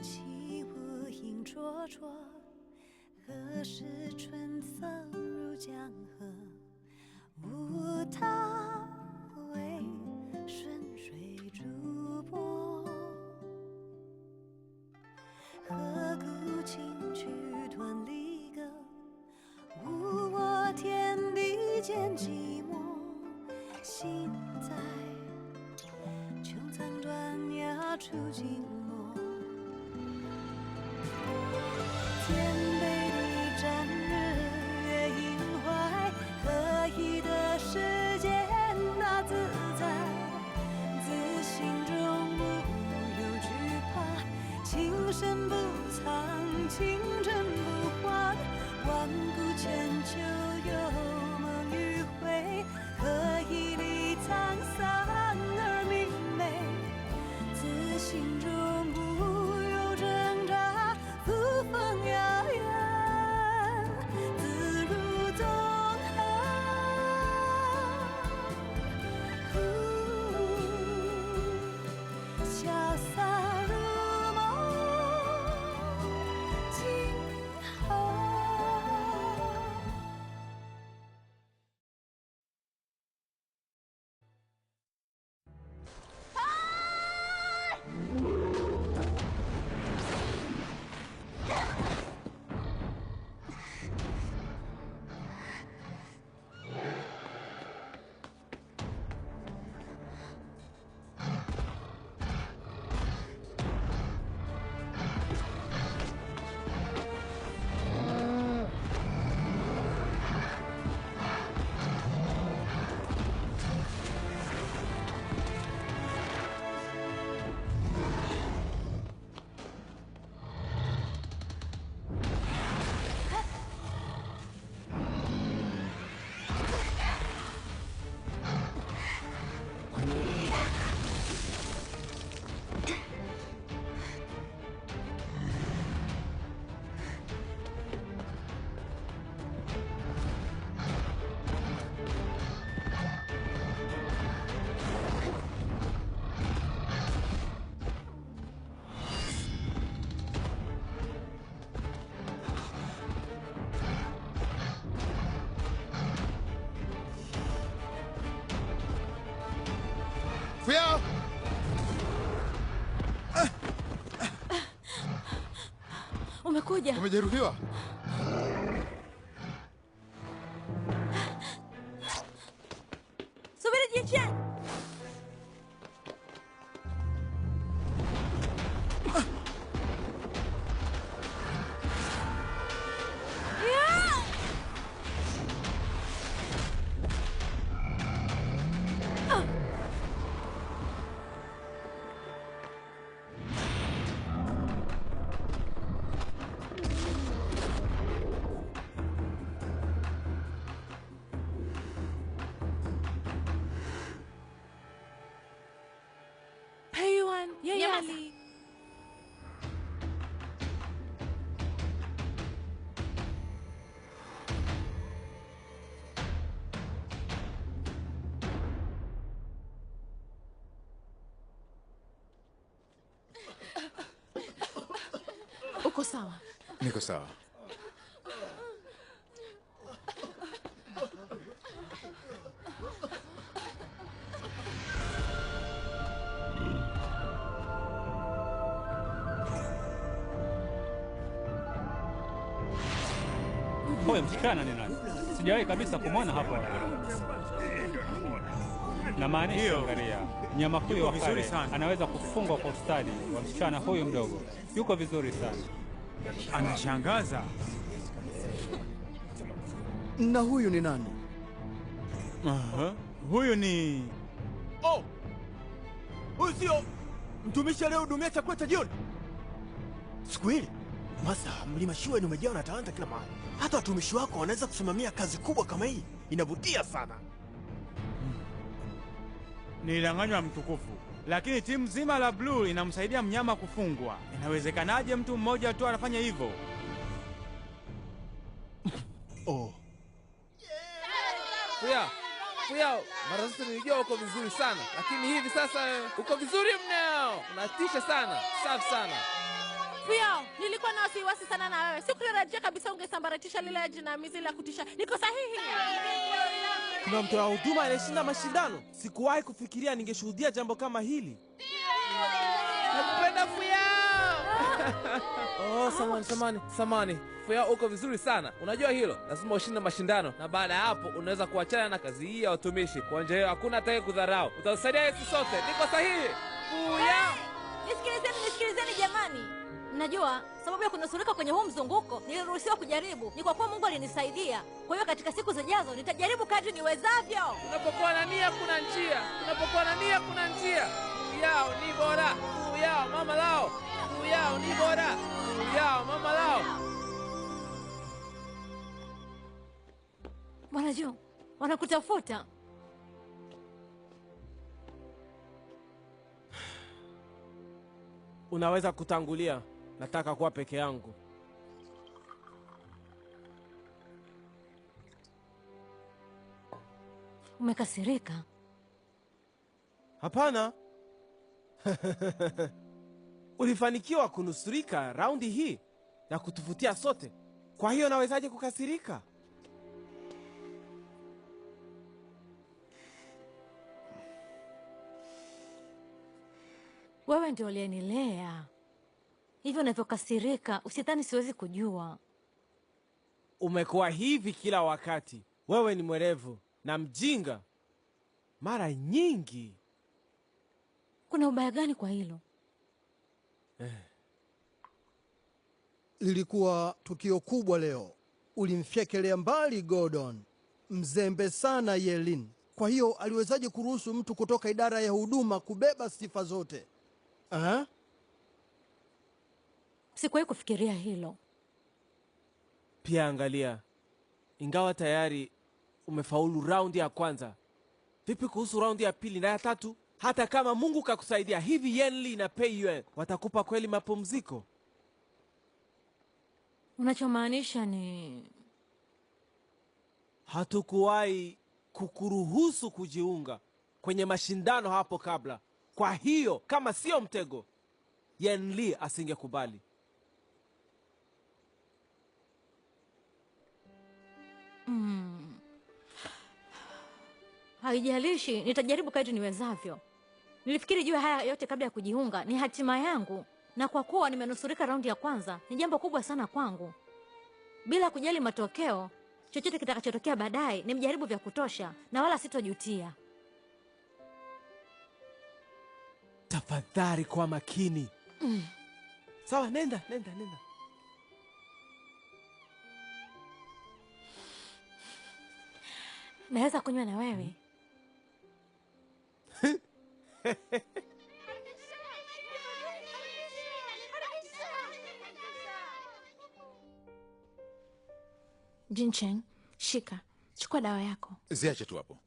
起舞影绰绰，何时春色入江河？无他，唯顺水逐波。何故琴曲断离歌？无我，天地间寂寞。心在，琼苍断崖处静。情。めてる日は sawa? Niko sawa. Huyo msichana ni nani? Sijawahi kabisa kumwona hapo na hiyo angalia mnyama huyo wa kale anaweza kufungwa kwa ustadi wa msichana huyu mdogo, yuko vizuri sana. Anashangaza. Na huyu ni nani? Aha, huyu ni oh, huyu sio mtumishi aliyehudumia chakula cha jioni siku hili? Masa, mlima Shuen umejaa na talanta kila mahali. Hata watumishi wako wanaweza kusimamia kazi kubwa kama hii. Inavutia sana. Hmm. Nilidanganywa mtukufu lakini timu zima la bluu inamsaidia mnyama kufungwa. Inawezekanaje mtu mmoja tu anafanya hivyo? Oh. Fuya, Fuya, mara zote nilijua uko vizuri sana, lakini hivi sasa eh, uko vizuri mneo unatisha sana. Safi sana. Fuya, nilikuwa na wasiwasi sana na wewe. Sikutarajia kabisa ungesambaratisha lile jinamizi la kutisha. Niko sahihi? kuna wa huduma anayeshinda mashindano. Sikuwahi kufikiria ningeshuhudia jambo kama hili. Nakupenda Fuya. Oh, samani samani samani. Fuya, uko vizuri sana. Unajua hilo, lazima ushinde mashindano, na baada ya hapo unaweza kuachana na kazi hii ya watumishi. Kwa njia hiyo hakuna atake kudharau, utatusaidia sisi sote. Niko sahihi? Fuya, nisikilizeni, nisikilizeni jamani. Najua sababu ya kunusurika kwenye huu mzunguko, niliruhusiwa kujaribu ni kwa kuwa Mungu alinisaidia. Kwa hiyo katika siku zijazo nitajaribu kadri niwezavyo. Unapokuwa na nia, kuna njia. Unapokuwa na nia, kuna njia. Yao ni bora yao mama lao, yao ni bora yao mama lao. Bwana Jo, wanakutafuta. Unaweza kutangulia nataka kuwa peke yangu. Umekasirika? Hapana. Ulifanikiwa kunusurika raundi hii na kutuvutia sote, kwa hiyo nawezaje kukasirika? Wewe ndio ulienilea. Hivyo unavyokasirika, usidhani siwezi kujua. Umekuwa hivi kila wakati. Wewe ni mwerevu na mjinga mara nyingi. Kuna ubaya gani kwa hilo? Eh. Lilikuwa tukio kubwa leo. Ulimfyekelea mbali Gordon, mzembe sana Yelin. Kwa hiyo aliwezaje kuruhusu mtu kutoka idara ya huduma kubeba sifa zote? eh? Sikuwahi kufikiria hilo. Pia angalia, ingawa tayari umefaulu raundi ya kwanza, vipi kuhusu raundi ya pili na ya tatu? Hata kama Mungu kakusaidia, hivi Yenli na Pei Yue watakupa kweli mapumziko? Unachomaanisha ni hatukuwahi kukuruhusu kujiunga kwenye mashindano hapo kabla. Kwa hiyo kama sio mtego, Yenli asingekubali. mm. Haijalishi, nitajaribu kadri niwezavyo. Nilifikiri juu haya yote kabla ya kujiunga, ni hatima yangu, na kwa kuwa nimenusurika raundi ya kwanza, ni jambo kubwa sana kwangu. Bila kujali matokeo, chochote kitakachotokea baadaye, mjaribu vya kutosha na wala sitojutia. Tafadhali kwa makini. Mm. Sawa, nenda nenda nenda. naweza kunywa na wewe Jincheng, shika, chukua dawa yako. Ziache tu hapo.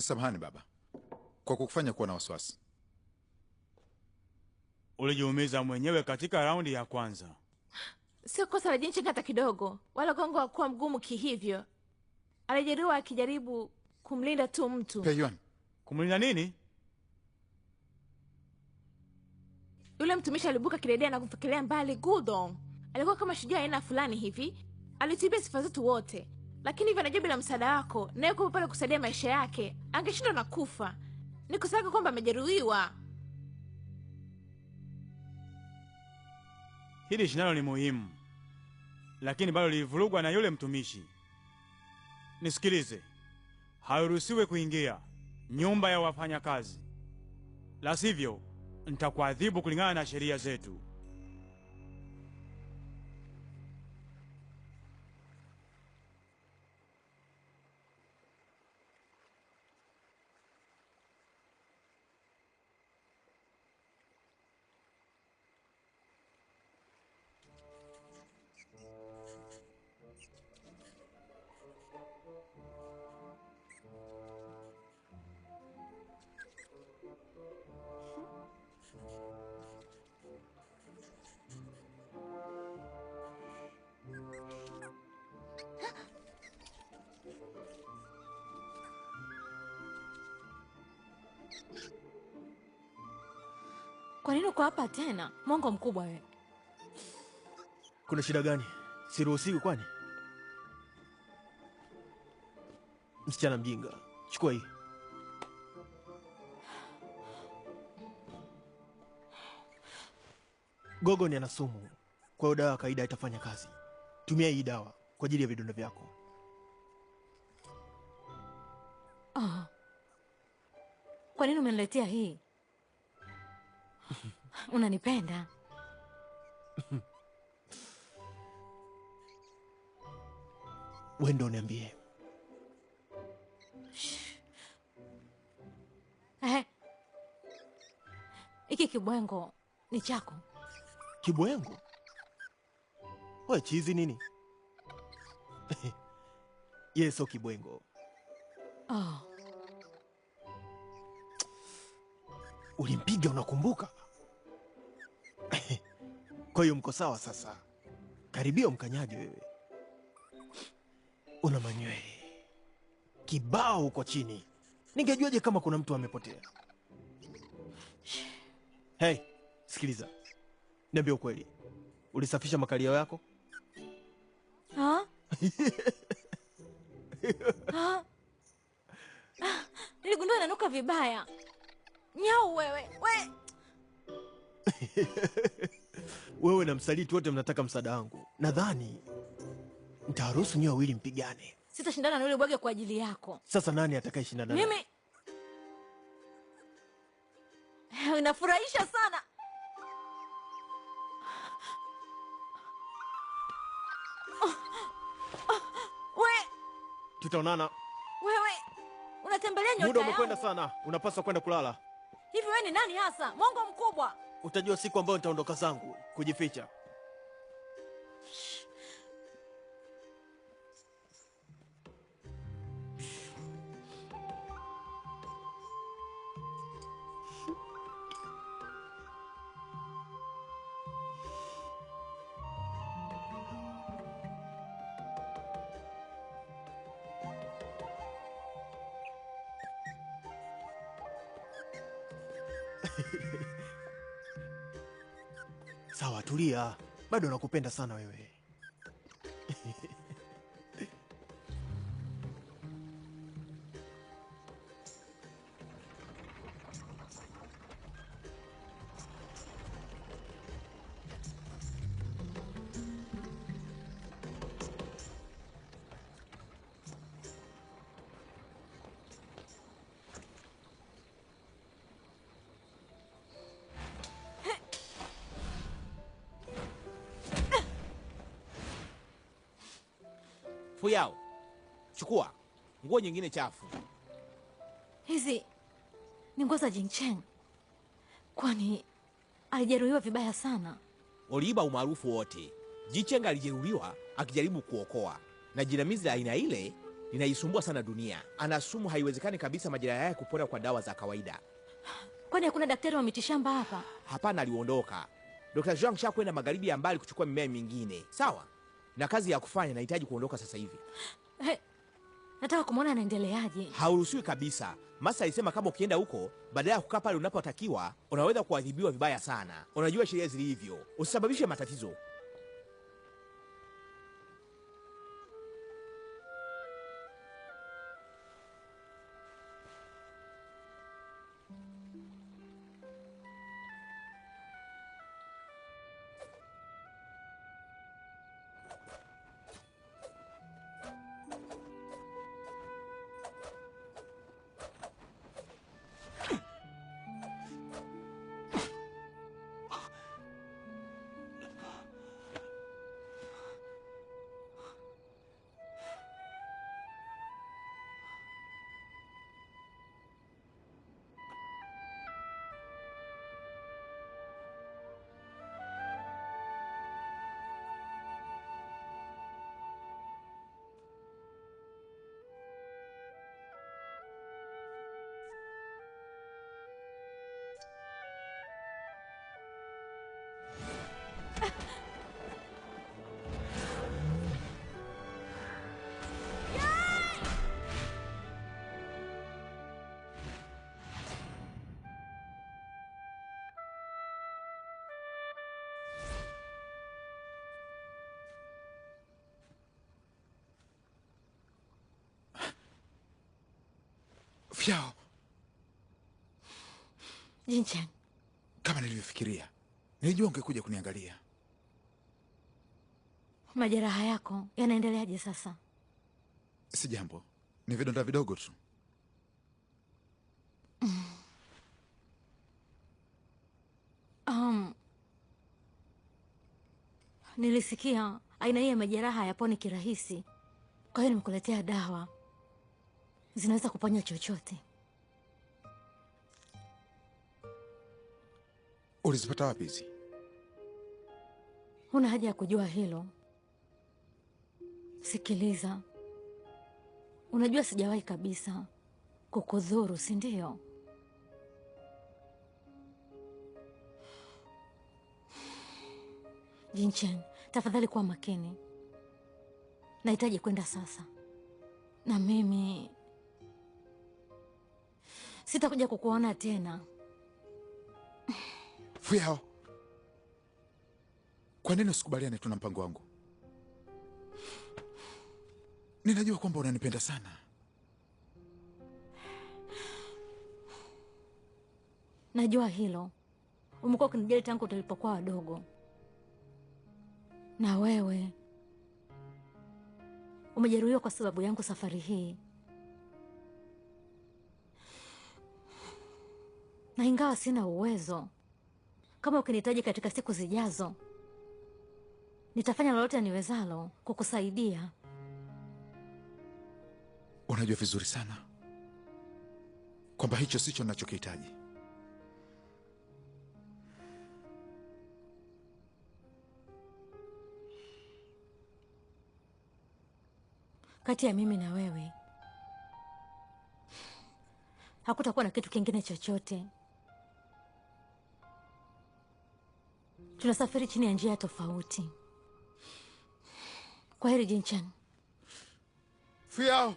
Samahani baba kwa kukufanya kuwa na wasiwasi. Ulijiumiza mwenyewe katika raundi ya kwanza. Sio kosa la Jinchi hata kidogo, wala Gongo wakuwa mgumu kihivyo. Alijeruhiwa akijaribu kumlinda tu mtu. Peyuan, kumlinda nini? Yule mtumishi alibuka kidedea na kumfikiria mbali. Gudong alikuwa kama shujaa aina fulani hivi, alitibia sifa zetu wote, lakini hivyo anajua bila msaada wako, naye kuwa pale kusaidia maisha yake, angeshindwa na kufa. Ni kosa lake kwamba amejeruhiwa. Hili shindano ni muhimu lakini bado lilivurugwa na yule mtumishi. Nisikilize, hairuhusiwe kuingia nyumba ya wafanyakazi, la sivyo nitakuadhibu kulingana na sheria zetu. Kwa nini uko hapa tena? Mongo mkubwa wewe. Kuna shida gani? Siruhusiwi kwani? Msichana mjinga, chukua hii. Gogo ni ana sumu, kwa hiyo dawa ya kawaida haitafanya kazi. Tumia hii dawa kwa ajili ya vidonda vyako. Kwa nini umeniletea hii? Unanipenda? wendo niambie. Eh. Iki kibwengo ni chako? Kibwengo? Wewe chizi nini? Yeso kibwengo. Oh. Ulimpiga, unakumbuka? Kwa hiyo mko sawa sasa. Karibia mkanyage wewe. Una manywele kibao uko chini. Ningejuaje kama kuna mtu amepotea? Hey, sikiliza, niambia ukweli, ulisafisha makalio yako ha? ha? Ah, niligundua nanuka vibaya. Nyau wewe, we. Wewe na msaliti wote mnataka msaada wangu. Nadhani nitaruhusu nyie wawili mpigane. Sitashindana na yule bwege kwa ajili yako. Sasa nani atakayeshindana? Mimi. Unafurahisha eh, sana. Oh, oh, oh, Tutaonana. Wewe unatembelea nyota yangu. Muda umekwenda sana. Unapaswa kwenda kulala. Hivi wewe ni nani hasa? Mwongo mkubwa. Utajua siku ambayo nitaondoka zangu kujificha. Sawa, tulia, bado nakupenda sana wewe. nyingine chafu. Hizi ni nguo za kwani alijeruhiwa vibaya sana. Waliiba umaarufu wote. Jingchen alijeruhiwa akijaribu kuokoa, na jinamizi la aina ile linaisumbua sana dunia. Ana sumu, haiwezekani kabisa majeraha yake kupona kwa dawa za kawaida. Kwani hakuna daktari wa mitishamba hapa? Hapana, aliondoka. Dr. Zhang sha kwenda magharibi ya mbali kuchukua mimea mingine. Sawa, na kazi ya kufanya, nahitaji kuondoka sasa hivi. Nataka kumwona anaendeleaje. Hauruhusiwi kabisa. Masa alisema kama ukienda huko badala ya kukaa pale unapotakiwa unaweza kuadhibiwa vibaya sana. Unajua sheria zilivyo, usisababishe matatizo. vyao. Jinchan, kama nilivyofikiria, nilijua ungekuja kuniangalia. Majeraha yako yanaendeleaje sasa? Si jambo, ni vidonda vidogo tu. Um, nilisikia aina hii ya majeraha yaponi kirahisi, kwa hiyo nimekuletea dawa zinaweza kuponya chochote. Ulizipata wapi hizi? Huna haja ya kujua hilo. Sikiliza, unajua sijawahi kabisa kukudhuru, si ndio? Jinchen, tafadhali kuwa makini. Nahitaji kwenda sasa, na mimi sitakuja kukuona tena. Fuyao, kwa nini usikubaliane tu na mpango wangu? Ninajua kwamba unanipenda sana. Najua hilo, umekuwa ukinijali tangu tulipokuwa wadogo, na wewe umejeruhiwa kwa sababu yangu safari hii. na ingawa sina uwezo, kama ukinihitaji katika siku zijazo, nitafanya lolote niwezalo kukusaidia. Unajua vizuri sana kwamba hicho sicho ninachokihitaji. Kati ya mimi na wewe hakutakuwa na kitu kingine chochote. Tunasafiri chini ya njia tofauti. Kwa heri Jinchan. fiao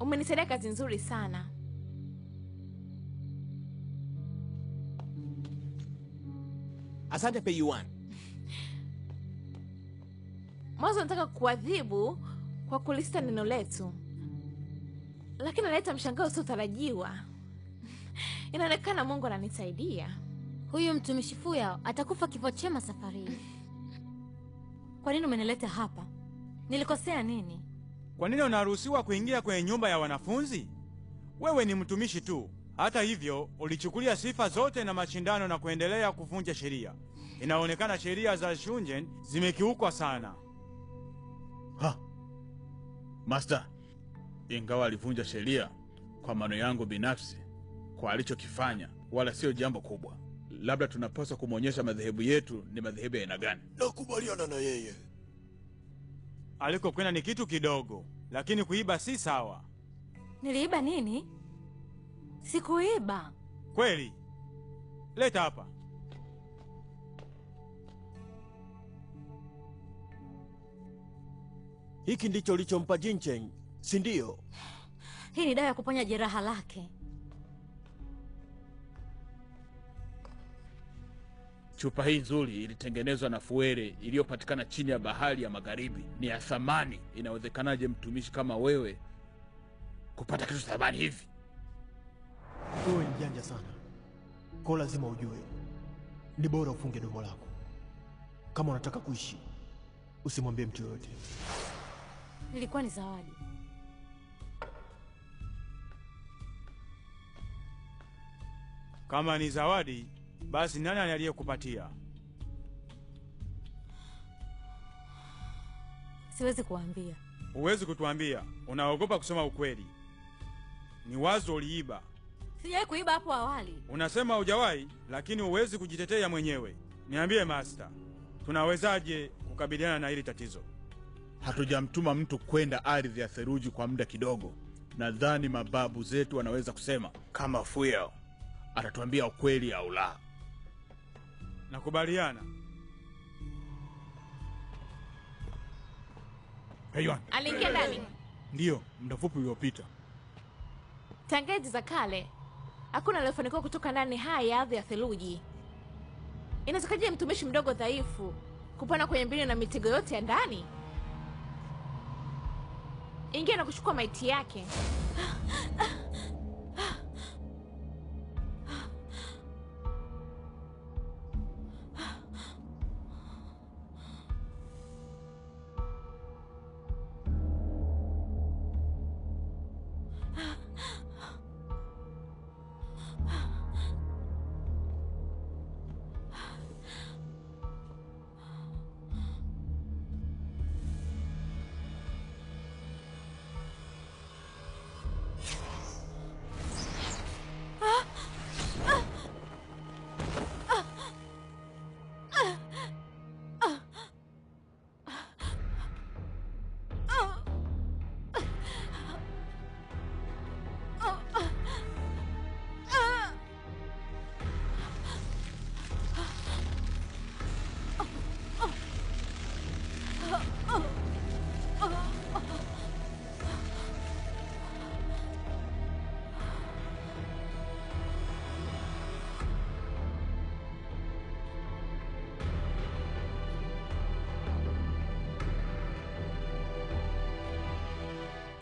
Umenisaidia kazi nzuri sana. Asante Peiyuan. Mwanzo nataka kuadhibu kwa kulisita neno letu, lakini naleta mshangao usiotarajiwa. Inaonekana Mungu ananisaidia. Huyu mtumishi Fuya atakufa kifo chema safari hii. Kwa nini umenileta hapa? Nilikosea nini? Kwa nini unaruhusiwa kuingia kwenye nyumba ya wanafunzi? Wewe ni mtumishi tu. Hata hivyo, ulichukulia sifa zote na mashindano na kuendelea kuvunja sheria. Inaonekana sheria za Shunjen zimekiukwa sana. Ha. Master, ingawa alivunja sheria kwa maana yangu binafsi kwa alichokifanya wala sio jambo kubwa. Labda tunapaswa kumwonyesha madhehebu yetu ni madhehebu ya aina gani. Nakubaliana na yeye alikokwenda ni kitu kidogo, lakini kuiba si sawa. Niliiba nini? Sikuiba. Kweli? Leta hapa. Hiki ndicho ulichompa Jincheng, si ndio? Hii ni dawa ya kuponya jeraha lake. Chupa hii nzuri ilitengenezwa na fuere iliyopatikana chini ya bahari ya magharibi, ni ya thamani. Inawezekanaje mtumishi kama wewe kupata kitu cha thamani hivi? Wewe ni janja sana, ko lazima ujue ni bora ufunge domo lako. Kama unataka kuishi, usimwambie mtu yoyote. Ilikuwa ni zawadi. Kama ni zawadi basi nani aliyekupatia? Siwezi kuambia. Huwezi kutuambia? Unaogopa kusema ukweli. Ni wazo uliiba. Sijawahi kuiba hapo awali. Unasema hujawahi, lakini huwezi kujitetea mwenyewe. Niambie master, tunawezaje kukabiliana na hili tatizo? Hatujamtuma mtu kwenda ardhi ya theruji kwa muda kidogo. Nadhani mababu zetu wanaweza kusema kama Fuel atatuambia ukweli au la. Nakubaliana. Peyuan. Aliingia ndani. Ndiyo, muda mfupi uliopita. Tangia za kale hakuna aliyefanikiwa kutoka ndani haya ya ardhi ya theluji. Inawezekaje mtumishi mdogo dhaifu kupona kwenye mbinu na mitego yote ya ndani? Ingia na kuchukua maiti yake.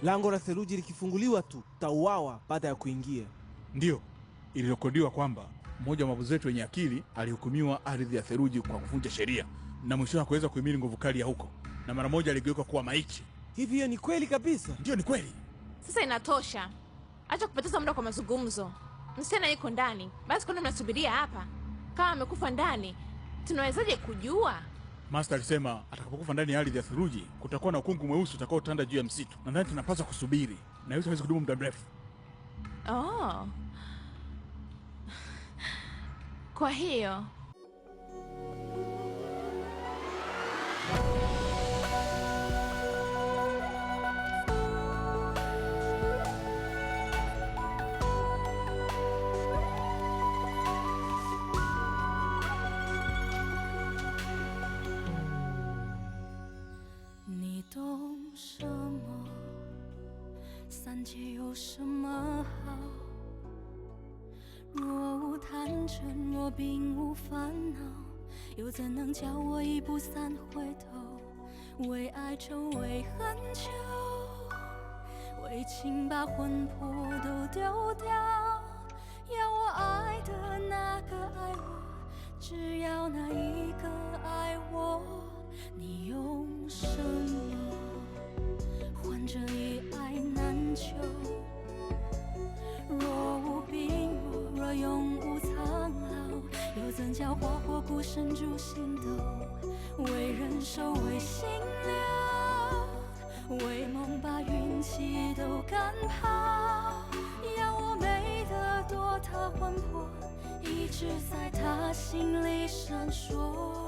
Lango la theluji likifunguliwa tu tauawa baada ya kuingia. Ndiyo ilirekodiwa kwamba mmoja wa mavuzi wetu wenye akili alihukumiwa ardhi ya theluji kwa kuvunja sheria na mwishowe hakuweza kuhimili nguvu kali ya huko, na mara moja aligeuka kuwa maichi Hivi hiyo ni kweli kabisa? Ndiyo, ni kweli. Sasa inatosha, acha kupoteza muda kwa mazungumzo. Msichana yuko ndani, basi kwani mnasubiria hapa? Kama amekufa ndani, tunawezaje kujua? Master alisema atakapokufa ndani ya ardhi ya theluji kutakuwa na ukungu mweusi utakaotanda juu ya msitu. Nadhani tunapaswa kusubiri, na hizo hawezi kudumu muda mrefu. Oh. Kwa hiyo 有什么好？若无贪嗔，若并无烦恼，又怎能叫我一步三回头？为爱愁，为恨求，为情把魂魄都丢掉。怎教花火孤身逐星斗，为人守，为心留，为梦把运气都赶跑。要我美得多，他魂魄一直在他心里闪烁。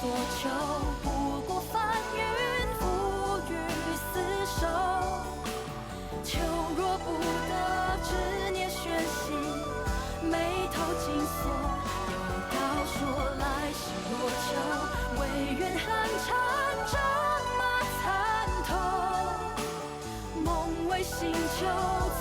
所求不过翻云覆雨厮守，求若不得，执念悬心，眉头紧锁。有道说来世若求，唯愿寒蝉仗马参透。梦为心囚。